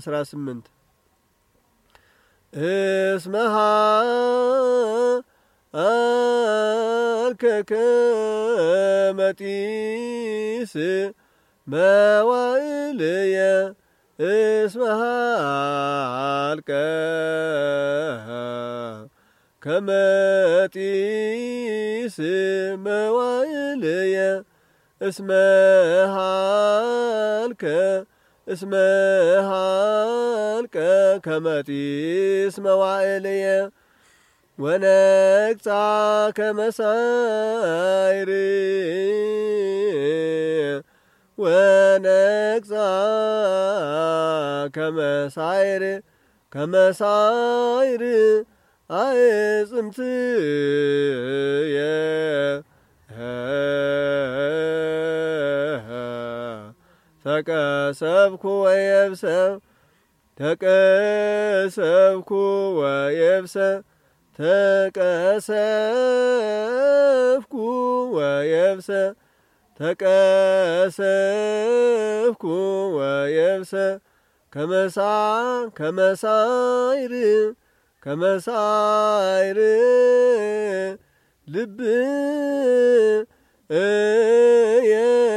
አስራ ስምንት እስመሃ ከከመጢስ መዋዕልየ እስመሃ አልቀ ከመጢስ መዋዕልየ እስመሃልከ እስመ ሃልቀ ከመጢስ መዋዕልየ ወነቅጻ ከመሳይሪ ወነቅጻ ከመሳይር ከመሳይር አይ ተቀሰብኩ ወየብሰ ተቀሰብኩ ወየብሰ ተቀሰብኩ ወየብሰ ተቀሰብኩ ወየብሰ ከመሳ ከመሳይር ከመሳይር ልብ